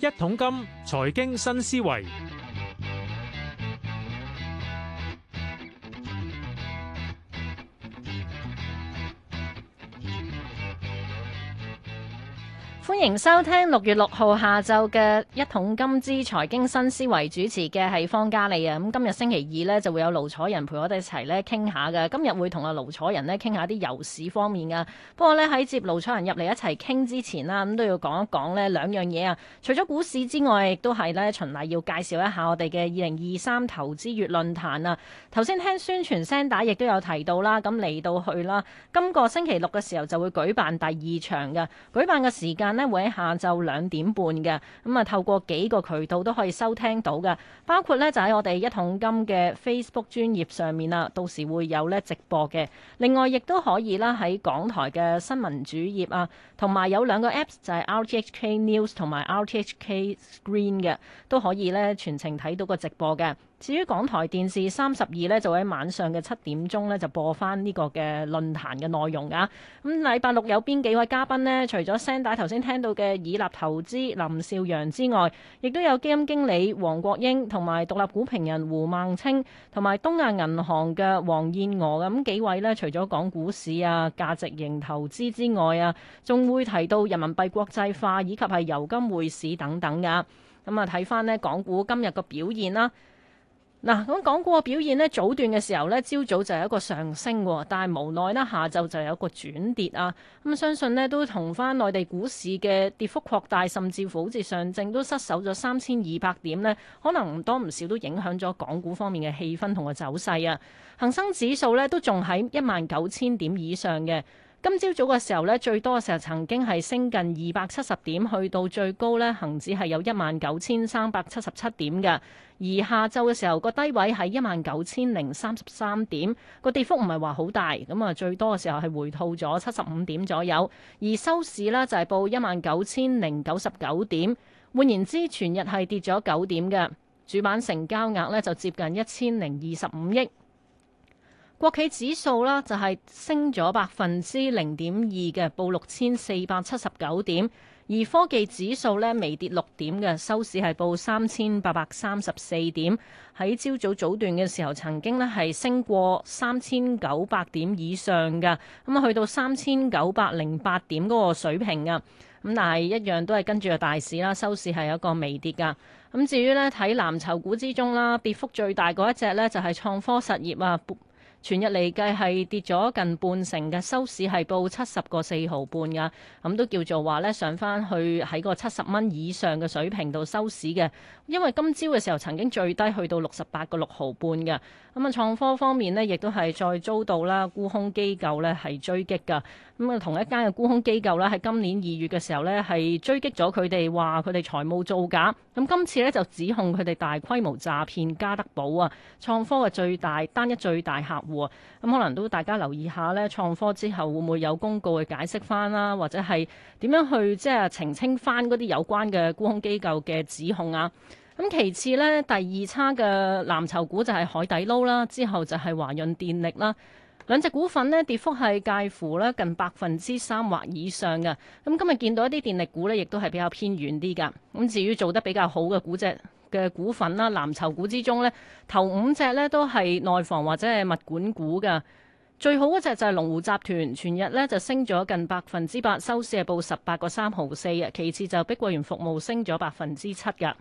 一桶金，財經新思維。歡迎收聽六月六號下晝嘅一桶金之財經新思維，主持嘅係方嘉莉啊，咁今日星期二呢，就會有盧楚仁陪我哋一齊咧傾下嘅，今日會同阿盧楚仁咧傾下啲油市方面噶。不過呢，喺接盧楚仁入嚟一齊傾之前啦，咁都要講一講咧兩樣嘢啊。除咗股市之外，亦都係咧循例要介紹一下我哋嘅二零二三投資月論壇啊。頭先聽宣傳聲打亦都有提到啦，咁嚟到去啦，今個星期六嘅時候就會舉辦第二場噶，舉辦嘅時間呢。會喺下晝兩點半嘅，咁啊透過幾個渠道都可以收聽到嘅，包括咧就喺我哋一桶金嘅 Facebook 專頁上面啦，到時會有咧直播嘅。另外亦都可以啦喺港台嘅新聞主頁啊，同埋有兩個 Apps 就係 RTHK News 同埋 RTHK Screen 嘅，都可以咧全程睇到個直播嘅。至於港台電視三十二咧，就喺晚上嘅七點鐘呢，就播翻呢個嘅論壇嘅內容噶。咁禮拜六有邊幾位嘉賓呢？除咗聲帶頭先聽到嘅以立投資林少陽之外，亦都有基金經理黃國英同埋獨立股評人胡孟青同埋東亞銀行嘅黃燕娥咁幾位呢，除咗講股市啊、價值型投資之外啊，仲會提到人民幣國際化以及係油金匯市等等噶。咁啊，睇翻呢港股今日嘅表現啦。嗱，咁港股嘅表現咧，早段嘅時候呢，朝早就有一個上升喎，但係無奈咧，下晝就有個轉跌啊。咁相信呢都同翻內地股市嘅跌幅擴大，甚至乎好似上證都失守咗三千二百點呢，可能唔多唔少都影響咗港股方面嘅氣氛同個走勢啊。恒生指數呢都仲喺一萬九千點以上嘅。今朝早嘅時候呢，最多嘅時候曾經係升近二百七十點，去到最高呢，恒指係有一萬九千三百七十七點嘅。而下晝嘅時候，個低位係一萬九千零三十三點，個跌幅唔係話好大。咁啊，最多嘅時候係回吐咗七十五點左右。而收市呢就係報一萬九千零九十九點，換言之，全日係跌咗九點嘅。主板成交額呢，就接近一千零二十五億。國企指數啦，就係升咗百分之零點二嘅，報六千四百七十九點。而科技指數呢，微跌六點嘅，收市係報三千八百三十四點。喺朝早早段嘅時候，曾經呢係升過三千九百點以上噶，咁啊去到三千九百零八點嗰個水平啊。咁但係一樣都係跟住個大市啦，收市係有一個微跌噶。咁至於呢，睇藍籌股之中啦，跌幅最大嗰一隻呢就係創科實業啊。全日嚟計係跌咗近半成嘅，收市係報七十個四毫半㗎。咁都叫做話呢，上返去喺個七十蚊以上嘅水平度收市嘅，因為今朝嘅時候曾經最低去到六十八個六毫半㗎。咁啊創科方面呢，亦都係再遭到啦沽空機構呢係追擊㗎。咁啊同一間嘅沽空機構呢，喺今年二月嘅時候呢，係追擊咗佢哋話佢哋財務造假。咁今次咧就指控佢哋大規模詐騙加德寶啊，創科嘅最大單一最大客戶啊，咁可能都大家留意下咧，創科之後會唔會有公告去解釋翻啦，或者係點樣去即係、就是、澄清翻嗰啲有關嘅沽空機構嘅指控啊？咁其次咧，第二差嘅藍籌股就係海底撈啦，之後就係華潤電力啦。兩隻股份咧，跌幅係介乎咧近百分之三或以上嘅。咁今日見到一啲電力股咧，亦都係比較偏遠啲噶。咁至於做得比較好嘅股隻嘅股份啦，藍籌股之中咧，頭五隻咧都係內房或者係物管股嘅。最好嗰隻就係龍湖集團，全日咧就升咗近百分之八，收市係報十八個三毫四啊。其次就碧桂園服務升咗百分之七㗎。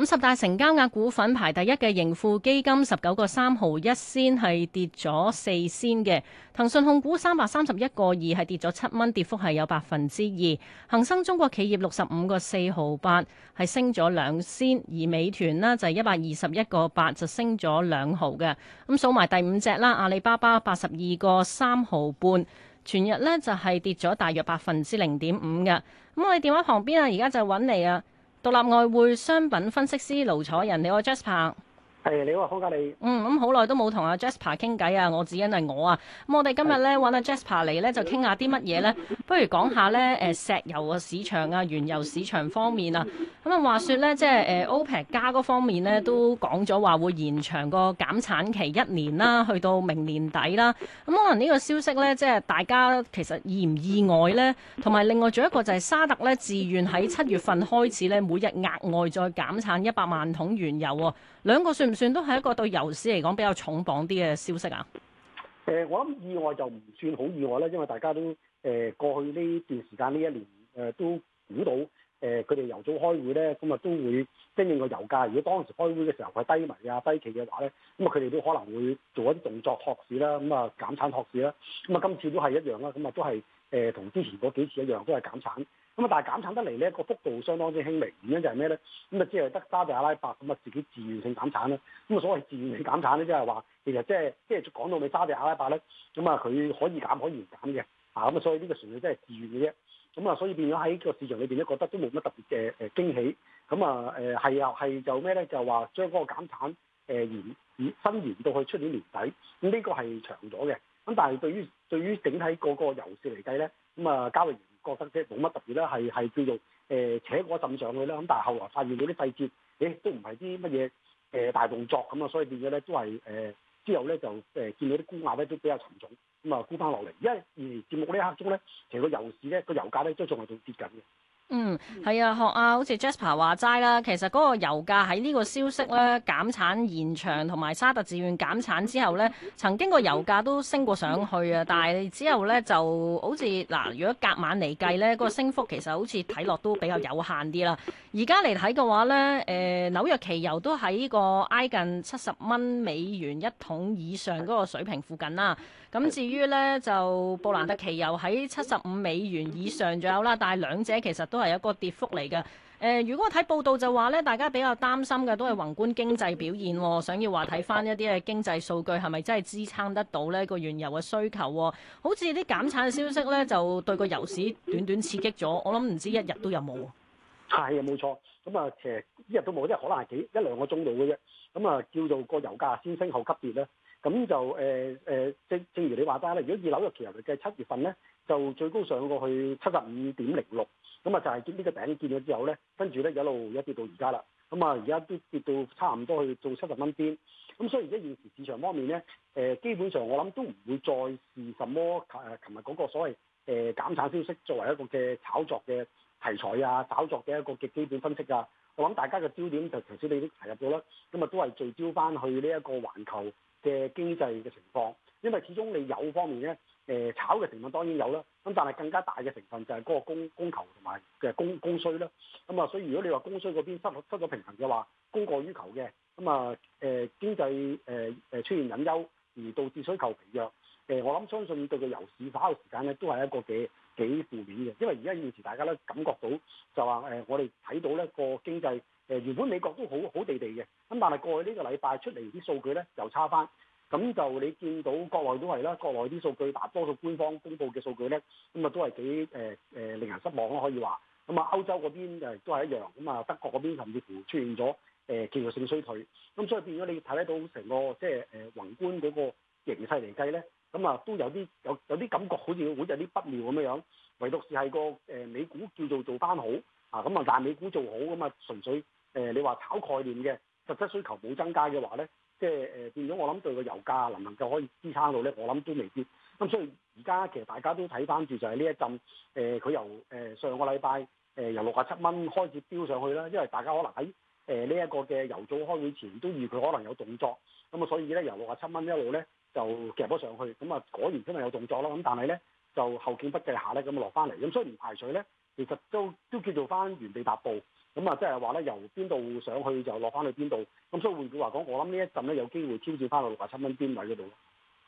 五十大成交額股份排第一嘅盈富基金十九個三毫一仙係跌咗四仙嘅，騰訊控股三百三十一個二係跌咗七蚊，跌幅係有百分之二。恒生中國企業六十五個四毫八係升咗兩仙，而美團呢就係一百二十一個八就升咗兩毫嘅。咁數埋第五隻啦，阿里巴巴八十二個三毫半，全日呢就係跌咗大約百分之零點五嘅。咁我哋電話旁邊啊，而家就揾你啊。獨立外匯商品分析師盧楚仁，你我 Jasper。係你好，話好啊！你嗯咁好耐都冇同阿 Jasper 傾偈啊！我只因係我啊！咁、嗯、我哋今日咧搵阿 Jasper 嚟咧就傾下啲乜嘢咧？不如講下咧誒石油嘅市場啊，原油市場方面啊。咁、嗯、啊話說咧，即係誒、呃、OPEC 加嗰方面咧都講咗話會延長個減產期一年啦，去到明年底啦。咁、嗯、可能呢個消息咧，即係大家其實意唔意外咧？同埋另外仲有一個就係沙特咧，自願喺七月份開始咧，每日額外再減產一百萬桶原油喎、啊。兩個算唔算都係一個對油市嚟講比較重磅啲嘅消息啊？誒、呃，我諗意外就唔算好意外啦，因為大家都誒、呃、過去呢段時間呢一年誒、呃、都估到誒佢哋由早開會咧，咁、嗯、啊都會反映個油價。如果當時開會嘅時候係低迷啊低企嘅話咧，咁啊佢哋都可能會做一啲動作託市啦，咁、嗯、啊減產託市啦。咁、嗯、啊今次都係一樣啦，咁、嗯、啊都係誒同之前嗰幾次一樣，都係減產。咁但係減產得嚟咧，個幅度相當之輕微。原因就係咩咧？咁啊，即係得沙特阿拉伯咁啊，自己自願性減產啦。咁啊，所謂自願性減產咧，就是就是，即係話其實即係即係講到你沙特阿拉伯咧，咁啊，佢可以減可以唔減嘅啊。咁啊，所以呢個純粹真係自願嘅啫。咁啊，所以變咗喺個市場裏邊咧，覺得都冇乜特別嘅誒驚喜。咁啊，誒係啊係就咩咧？就話將嗰個減產誒延延延到去出年年底。咁呢個係長咗嘅。咁但係對於對於整體個個油市嚟計咧，咁啊交易。覺得即係冇乜特別啦，係係叫做誒、呃、扯嗰陣上去啦，咁但係後來發現到啲細節，誒、欸、都唔係啲乜嘢誒大動作咁啊，所以變咗咧都係誒、呃、之後咧就誒、呃、見到啲沽壓咧都比較沉重，咁啊沽翻落嚟，因為而節、呃、目呢一刻鐘咧，其實個油市咧個油，油價咧都仲係仲跌緊嘅。嗯，係啊，學啊，好似 Jasper 話齋啦。其實嗰個油價喺呢個消息咧減產延長同埋沙特自願減產之後咧，曾經個油價都升過上去啊。但係之後咧就好似嗱、啊，如果隔晚嚟計咧，嗰、那個升幅其實好似睇落都比較有限啲啦。而家嚟睇嘅話呢，誒、呃、紐約期油都喺個挨近七十蚊美元一桶以上嗰個水平附近啦。咁至於呢，就布蘭特期油喺七十五美元以上左右啦。但係兩者其實都係一個跌幅嚟嘅。誒、呃，如果我睇報道就話呢，大家比較擔心嘅都係宏觀經濟表現，想要話睇翻一啲嘅經濟數據係咪真係支撐得到呢個原油嘅需求？好似啲減產嘅消息呢，就對個油市短短刺激咗。我諗唔知一日都有冇。係啊，冇錯。咁啊，其實一日都冇，即係可能係幾一兩個鐘度嘅啫。咁啊，叫做個油價先升後急跌啦。咁就誒誒，即、呃、正，正如你話齋啦。如果紐約嘅期油嘅，七月份咧，就最高上過去七十五點零六。咁啊，就係呢個頂見咗之後咧，跟住咧一路一跌到而家啦。咁啊，而家都跌到差唔多去到七十蚊邊。咁所以而家現時市場方面咧，誒、呃、基本上我諗都唔會再視什麼誒琴日嗰個所謂誒、呃、減產消息作為一個嘅炒作嘅。題材啊，炒作嘅一個極基本分析啊，我諗大家嘅焦點就頭先你都提入咗啦，咁啊都係聚焦翻去呢一個環球嘅經濟嘅情況，因為始終你有方面咧，誒炒嘅成分當然有啦，咁但係更加大嘅成分就係嗰個供供求同埋嘅供供需啦，咁啊，所以如果你話供需嗰邊失失咗平衡嘅話，供過於求嘅，咁啊誒經濟誒誒、呃、出現隱憂而導致需求疲弱，誒、呃、我諗相信對個油市炒嘅時間咧都係一個幾幾負面嘅，因為而家現時大家都感覺到就話誒、呃，我哋睇到咧個經濟誒、呃、原本美國都好好地地嘅，咁但係過去呢個禮拜出嚟啲數據咧又差翻，咁就你見到國內都係啦，國內啲數據大多數官方公布嘅數據咧，咁、嗯、啊都係幾誒誒、呃、令人失望咯，可以話咁啊歐洲嗰邊都係一樣，咁、嗯、啊德國嗰邊甚至乎出現咗誒技術性衰退，咁、嗯、所以變咗你睇得到成個即係誒宏觀嗰個形勢嚟計咧。咁啊、嗯，都有啲有有啲感覺，好似會有啲不妙咁樣樣。唯獨是係個誒、呃、美股叫做做翻好啊，咁啊，但係美股做好咁啊、嗯，純粹誒、呃、你話炒概念嘅，實質需求冇增加嘅話咧，即係誒、呃、變咗我諗對個油價能唔能夠可以支撐到咧？我諗都未必。咁、嗯、所以而家其實大家都睇翻住就係呢一陣誒，佢、呃、由誒、呃、上個禮拜誒由六十七蚊開始飆上去啦。因為大家可能喺誒呢一個嘅油組開會前都預佢可能有動作，咁、嗯、啊，所以咧由六十七蚊一路咧。就夾咗上去，咁啊果然真係有動作啦，咁但係呢，就後勁不繼下呢，咁啊落翻嚟，咁所以唔排除呢，其實都都叫做翻原地踏步，咁啊即係話呢，由邊度上去就落翻去邊度，咁所以換句話講，我諗呢一陣呢，有機會挑戰翻去六十七蚊邊位嗰度。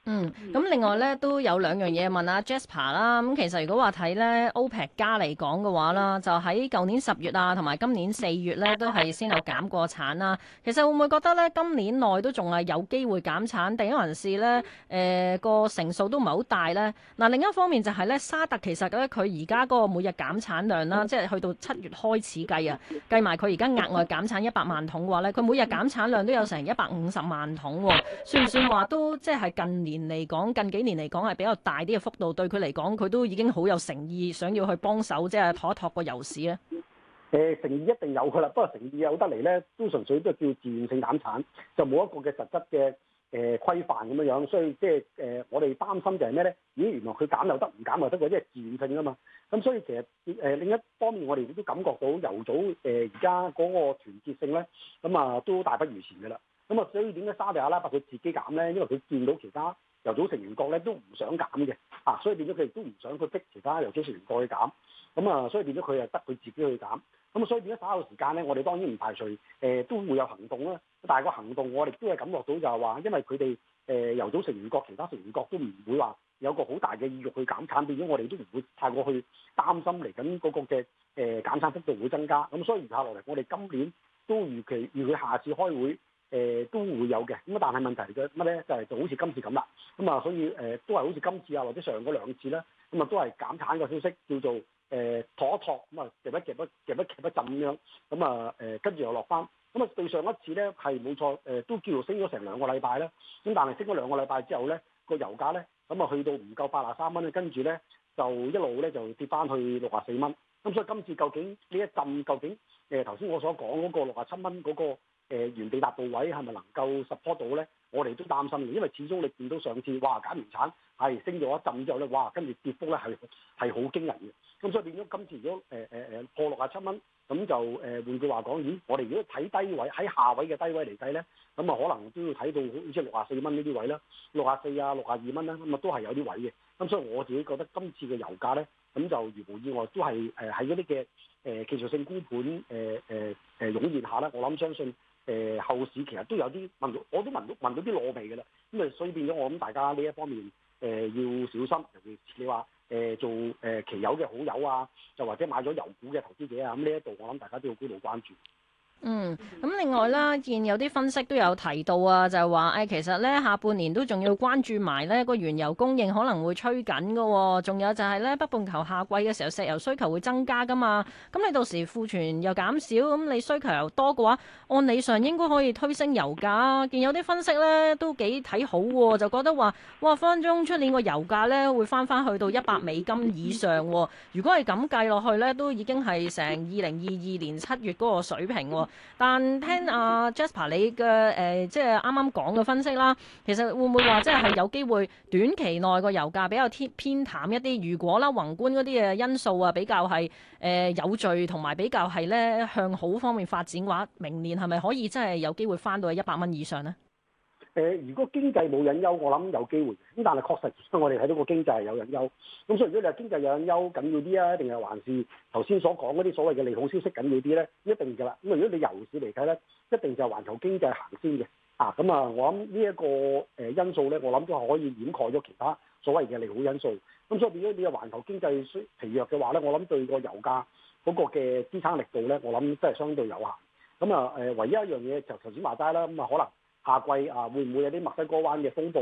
嗯，咁另外咧都有兩樣嘢問阿、啊、Jasper 啦。咁其實如果話睇咧 OPEC 加嚟講嘅話啦，就喺舊年十月啊，同埋今年四月咧都係先後減過產啦、啊。其實會唔會覺得咧今年內都仲係有機會減產？定還是咧誒個成數都唔係好大咧？嗱、啊，另一方面就係咧沙特其實咧佢而家嗰個每日減產量啦，即係去到七月開始計啊，計埋佢而家額外減產一百萬桶嘅話咧，佢每日減產量都有成一百五十萬桶、啊，算唔算話都即係近年？年嚟講，近幾年嚟講係比較大啲嘅幅度，對佢嚟講，佢都已經好有誠意，想要去幫手，即係妥一託個油市咧。誒誠意一定有噶啦，不過誠意有得嚟咧，都純粹都係叫自願性減產，就冇一個嘅實質嘅誒規範咁樣樣，所以即係誒我哋擔心就係咩咧？咦，原來佢減又得，唔減又得，即係自願性噶嘛。咁所以其實誒、呃、另一方面，我哋亦都感覺到油組誒而家嗰個團結性咧，咁啊都大不如前噶啦。咁啊，所以點解沙地阿拉伯佢自己減咧？因為佢見到其他油組成員國咧都唔想減嘅啊，所以變咗佢亦都唔想佢逼其他油組成員國去減。咁啊，所以變咗佢啊得佢自己去減。咁啊，所以點解稍後時間咧，我哋當然唔排除誒、呃、都會有行動啦。但係個行動我哋都係感覺到就係話，因為佢哋誒油組成員國其他成員國都唔會話有個好大嘅意欲去減產，變咗我哋都唔會太過去擔心嚟緊嗰個嘅誒、呃、減產幅度會增加。咁所以而下落嚟，我哋今年都預期，預期，如佢下次開會，誒都會有嘅，咁啊但係問題嘅乜咧就係就好似今次咁啦，咁啊所以誒都係好似今次啊或者上嗰兩次啦，咁啊都係減產個消息叫做誒托一托咁啊，夾一夾一夾一夾一浸咁樣，咁啊誒跟住又落翻，咁啊對上一次咧係冇錯誒都叫升咗成兩個禮拜啦，咁但係升咗兩個禮拜之後咧個油價咧咁啊去到唔夠八十三蚊咧，跟住咧就一路咧就跌翻去六十四蚊，咁所以今次究竟呢一浸究竟誒頭先我所講嗰個六十七蚊嗰個？誒原地踏步位係咪能夠 support 到咧？我哋都擔心嘅，因為始終你見到上次，哇，減完產係升咗一陣之後咧，哇，跟住跌幅咧係係好驚人嘅。咁所以變咗今次如果誒誒誒破六十七蚊，咁就誒、呃、換句話講，咦，我哋如果睇低位喺下位嘅低位嚟睇咧，咁啊可能都要睇到好似六十四蚊呢啲位啦，六十四啊六十二蚊啦，咁啊都係有啲位嘅。咁所以我自己覺得今次嘅油價咧，咁就如無意外都係誒喺一啲嘅誒技術性沽盤誒誒誒湧現下咧，我諗相信。誒、呃、後市其實都有啲聞到，我都聞到聞到啲燶味嘅啦，咁啊所以變咗我諗大家呢一方面誒、呃、要小心，尤其你話誒、呃、做誒期油嘅好友啊，就或者買咗油股嘅投資者啊，咁呢一度我諗大家都要高度關注。嗯，咁另外啦，見有啲分析都有提到啊，就係話，誒、哎、其實咧下半年都仲要關注埋呢個原油供應可能會趨緊嘅喎、哦，仲有就係咧北半球夏季嘅時候石油需求會增加噶嘛，咁你到時庫存又減少，咁你需求又多嘅話，按理上應該可以推升油價。見有啲分析咧都幾睇好喎、哦，就覺得話，哇分分鐘出年個油價咧會翻翻去到一百美金以上喎、哦。如果係咁計落去咧，都已經係成二零二二年七月嗰個水平喎、哦。但聽阿 Jasper 你嘅，誒，即係啱啱講嘅分析啦,其實會唔會話即係係有機會短期內個油價比較偏偏淡一啲？如果啦宏觀嗰啲嘅因素啊比較係誒、呃、有序，同埋比較係咧向好方面發展嘅話，明年係咪可以真係有機會翻到去一百蚊以上呢？誒，如果經濟冇隱憂，我諗有機會。咁但係確實，我哋睇到個經濟係有隱憂。咁所以如果你話經濟有隱憂緊要啲啊，定係還是頭先所講嗰啲所謂嘅利好消息緊要啲咧？一定嘅啦。咁啊，如果你由市嚟睇咧，一定就係環球經濟行先嘅。啊，咁啊，我諗呢一個誒因素咧，我諗都可以掩蓋咗其他所謂嘅利好因素。咁所以變咗你話環球經濟疲弱嘅話咧，我諗對個油價嗰個嘅支撐力度咧，我諗都係相對有限。咁啊，誒，唯一一樣嘢就頭先話齋啦。咁啊，可能。夏季啊，會唔會有啲墨西哥灣嘅風暴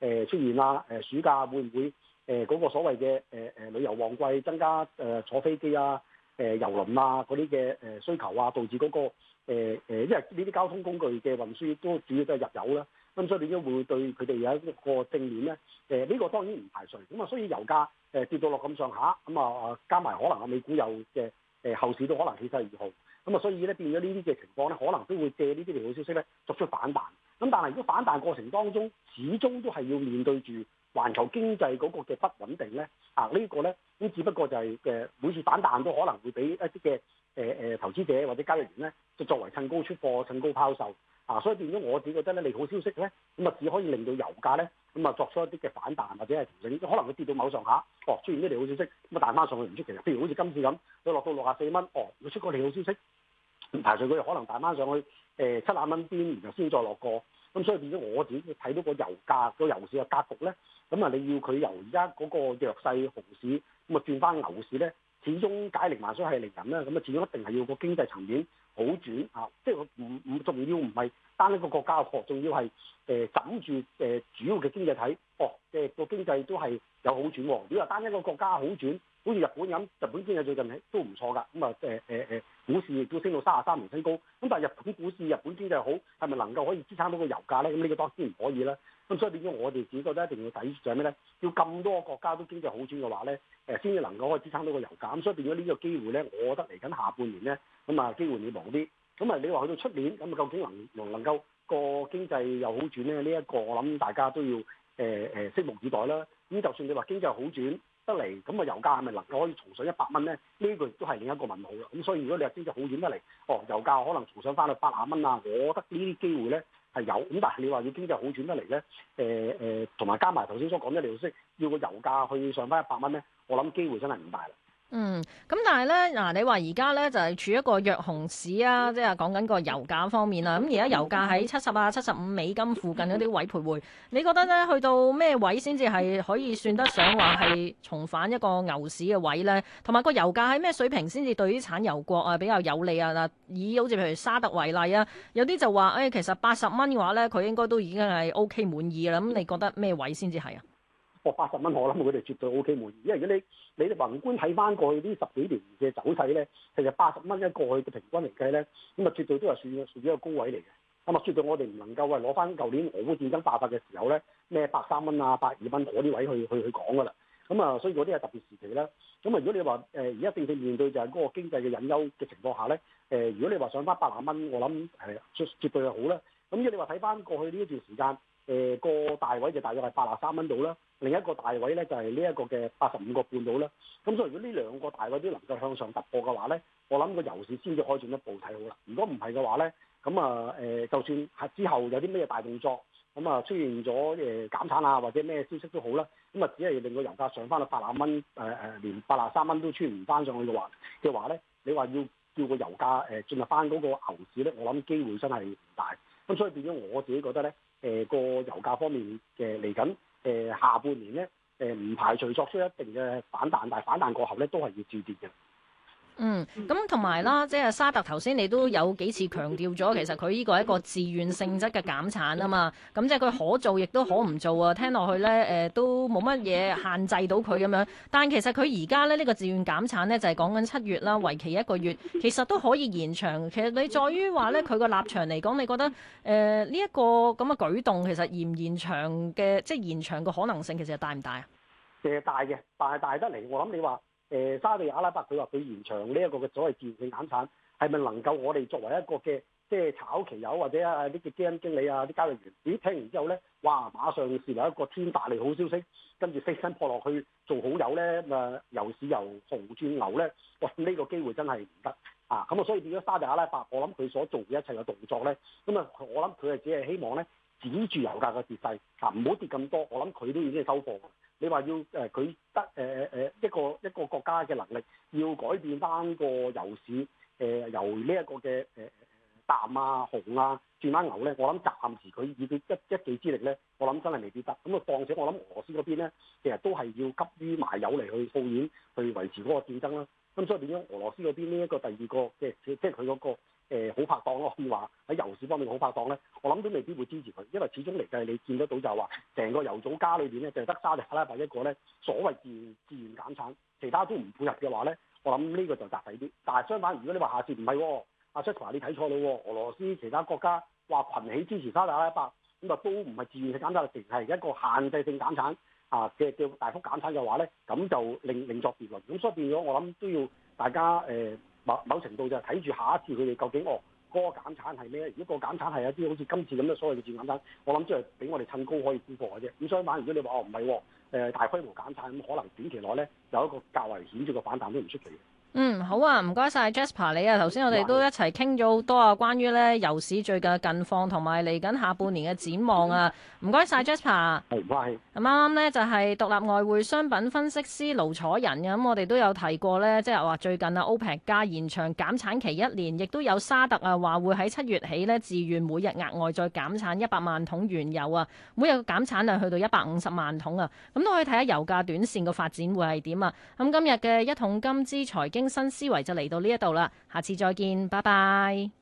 誒出現啊？誒、呃、暑假會唔會誒嗰、呃那個所謂嘅誒誒旅遊旺季增加誒坐飛機啊、誒遊輪啊嗰啲嘅誒需求啊，導致嗰、那個誒、呃、因為呢啲交通工具嘅運輸都主要都係入油啦，咁所以點解會對佢哋有一個正面咧。誒、呃、呢、這個當然唔排除。咁、呃、啊，所以油價誒跌到落咁上下，咁啊加埋可能啊美股又嘅誒後市都可能起勢而好，咁啊所以咧變咗呢啲嘅情況咧，可能都會借呢啲利好消息咧作出反彈，彈。咁但係如果反彈過程當中，始終都係要面對住環球經濟嗰個嘅不穩定咧。啊，這個、呢一個咧，咁只不過就係、是、嘅、呃、每次反彈都可能會俾一啲嘅誒誒投資者或者交易員咧，就作為趁高出貨、趁高拋售。啊，所以變咗我自己覺得咧，利好消息咧，咁啊只可以令到油價咧，咁啊作出一啲嘅反彈或者係調整，可能佢跌到某上下，哦出現一啲利好消息，咁啊彈翻上去唔出奇。譬如好似今次咁，佢落到六十四蚊，哦，佢出個利好消息，咁排除佢可能彈翻上去誒、呃、七百蚊邊，然後先再落過。咁、嗯、所以變咗我自己睇到個油價、個油市嘅格局咧，咁啊你要佢由而家嗰個弱勢熊市咁啊轉翻牛市咧，始終解鈴還須繫鈴人啦，咁啊始終一定係要個經濟層面好轉啊，即係唔唔仲要唔係單一個國家嘅確，仲要係誒枕住誒主要嘅經濟體，哦即係個經濟都係有好轉，如果話單一個國家好轉。好似日本咁，日本經濟最近都唔錯㗎。咁啊誒誒誒，股市亦都升到三廿三年新高。咁但係日本股市、日本經濟好，係咪能夠可以支撐到個油價咧？咁、嗯、呢、呢個當然唔可以啦。咁、嗯、所以變咗我哋自己覺得一定要抵就係咩咧？要咁多國家都經濟好轉嘅話咧，誒先至能夠可以支撐到個油價。咁、嗯、所以變咗呢個機會咧，我覺得嚟緊下，下半年咧，咁、嗯、啊機會會忙啲。咁、嗯、啊，你話去到出年咁啊，究竟能能唔能夠個經濟又好轉咧？呢、這、一個我諗大家都要誒誒拭目以待啦。咁、嗯、就算你話經濟好轉。得嚟咁啊，油價係咪能夠可以重上呢一百蚊咧？呢個亦都係另一個問號啦。咁所以如果你話經濟好轉得嚟，哦，油價可能重上翻去八啊蚊啊，我覺得呢啲機會咧係有。咁但係你話要經濟好轉得嚟咧，誒、呃、誒，同、呃、埋加埋頭先所講啲利息，要個油價去上翻一百蚊咧，我諗機會真係唔大啦。嗯，咁但係咧，嗱、啊、你話而家咧就係、是、處一個弱熊市啊，即係講緊個油價方面啊。咁而家油價喺七十啊、七十五美金附近嗰啲位徘徊，你覺得咧去到咩位先至係可以算得上話係重返一個牛市嘅位呢？同埋個油價喺咩水平先至對於產油國啊比較有利啊？嗱，以好似譬如沙特為例啊，有啲就話，誒、哎、其實八十蚊嘅話咧，佢應該都已經係 OK 滿意啦。咁你覺得咩位先至係啊？哦、我八十蚊，我諗佢哋絕對 OK 滿意，因為如果你你宏觀睇翻過去呢十幾年嘅走勢咧，其實八十蚊一過去嘅平均嚟計咧，咁啊絕對都係算屬於一個高位嚟嘅。咁啊，絕對我哋唔能夠話攞翻舊年俄烏戰爭爆發嘅時候咧咩百三蚊啊百二蚊嗰啲位去去去講㗎啦。咁啊，所以嗰啲係特別時期啦。咁啊，如果你話誒而家正正面對就係嗰個經濟嘅隱憂嘅情況下咧，誒、呃、如果你話想翻百萬蚊，我諗係、呃、絕，絕對係好啦。咁如果你話睇翻過去呢一段時間。誒、呃嗰個大位就大約係八十三蚊度啦，另一個大位咧就係呢一個嘅八十五個半度啦。咁所以如果呢兩個大位都能夠向上突破嘅話咧，我諗個油市先至可以進一步睇好啦。如果唔係嘅話咧，咁啊誒，就算係之後有啲咩大動作，咁啊出現咗誒減產啊或者咩消息都好啦，咁啊只係令個油價上翻去八廿蚊誒誒連八十三蚊都穿唔翻上去嘅話嘅話咧，你話要叫個油價誒進入翻嗰個牛市咧，我諗機會真係唔大。咁所以變咗我自己覺得咧。誒個、呃、油價方面嘅嚟緊，誒、呃、下半年咧，誒、呃、唔排除作出一定嘅反彈，但係反彈過後咧，都係要注跌嘅。嗯，咁同埋啦，即係沙特頭先你都有幾次強調咗，其實佢呢個係一個自願性質嘅減產啊嘛，咁即係佢可做亦都可唔做啊。聽落去呢，誒都冇乜嘢限制到佢咁樣。但其實佢而家咧呢個自願減產呢，就係講緊七月啦，為期一個月，其實都可以延長。其實你在於話呢，佢個立場嚟講，你覺得誒呢一個咁嘅舉動，其實延唔延長嘅，即係延長嘅可能性其實大唔大啊？大嘅，但係大得嚟。我諗你話。誒、呃、沙地阿拉伯，佢話佢延長呢一個嘅所謂自願性減產，係咪能夠我哋作為一個嘅即係炒期油或者啊啲嘅基金經理啊啲交易員，咦聽完之後咧，哇馬上是有一個天大利好消息，跟住飛身撲落去做好友咧，啊、呃、由市由熊轉牛咧，喂、呃、呢、這個機會真係唔得啊！咁、嗯、啊，所以變咗沙地阿拉伯，我諗佢所做嘅一切嘅動作咧，咁、嗯、啊我諗佢係只係希望咧止住油價嘅、啊、跌勢，嗱唔好跌咁多，我諗佢都已經收貨。你話要誒佢、呃、得誒誒、呃、一個一個國家嘅能力，要改變翻個油市誒、呃、由呢一個嘅誒、呃、淡啊、紅啊轉翻牛咧，我諗暫時佢以佢一一己之力咧，我諗真係未必得。咁啊，況且我諗俄羅斯嗰邊咧，其實都係要急於埋油嚟去套現，去維持嗰個戰爭啦。咁所以變咗俄羅斯嗰邊呢一個第二個即係即係佢嗰個？誒、呃、好拍檔咯，可以話喺油市方面好拍檔咧，我諗都未必會支持佢，因為始終嚟計你見得到就係話，成個油組家裏邊咧，就係得沙特阿拉伯一個咧，所謂自願自願減產，其他都唔配合嘅話咧，我諗呢個就窄細啲。但係相反，如果你話下次唔係阿 s h u t a 你睇錯啦喎，俄羅斯其他國家話群起支持沙特阿拉伯，咁啊都唔係自願去減產，而係一個限制性減產啊嘅叫大幅減產嘅話咧，咁就另另作別論。咁所以變咗我諗都要大家誒。呃某某程度就係睇住下一次佢哋究竟哦，嗰個減產係咩？如果個減產係一啲好似今次咁嘅所謂嘅自願減產，我諗即係俾我哋趁高可以沽貨嘅啫。咁相反，如果你話哦唔係喎，誒大規模減產咁，可能短期內咧有一個較為顯著嘅反彈都唔出奇嘅。嗯，好啊，唔該晒 Jasper 你啊，頭先我哋都一齊傾咗好多啊，關於呢油市最近嘅近況同埋嚟緊下半年嘅展望啊，唔該晒 Jasper，唔該，咁啱啱、嗯、呢就係、是、獨立外匯商品分析師盧楚仁咁、嗯，我哋都有提過呢，即係話最近啊 OPEC 加延長減產期一年，亦都有沙特啊話會喺七月起呢，自願每日額外再減產一百萬桶原油啊，每日個減產量去到一百五十萬桶啊，咁、嗯、都可以睇下油價短線嘅發展會係點啊，咁、嗯、今日嘅一桶金之財經。新思維就嚟到呢一度啦，下次再見，拜拜。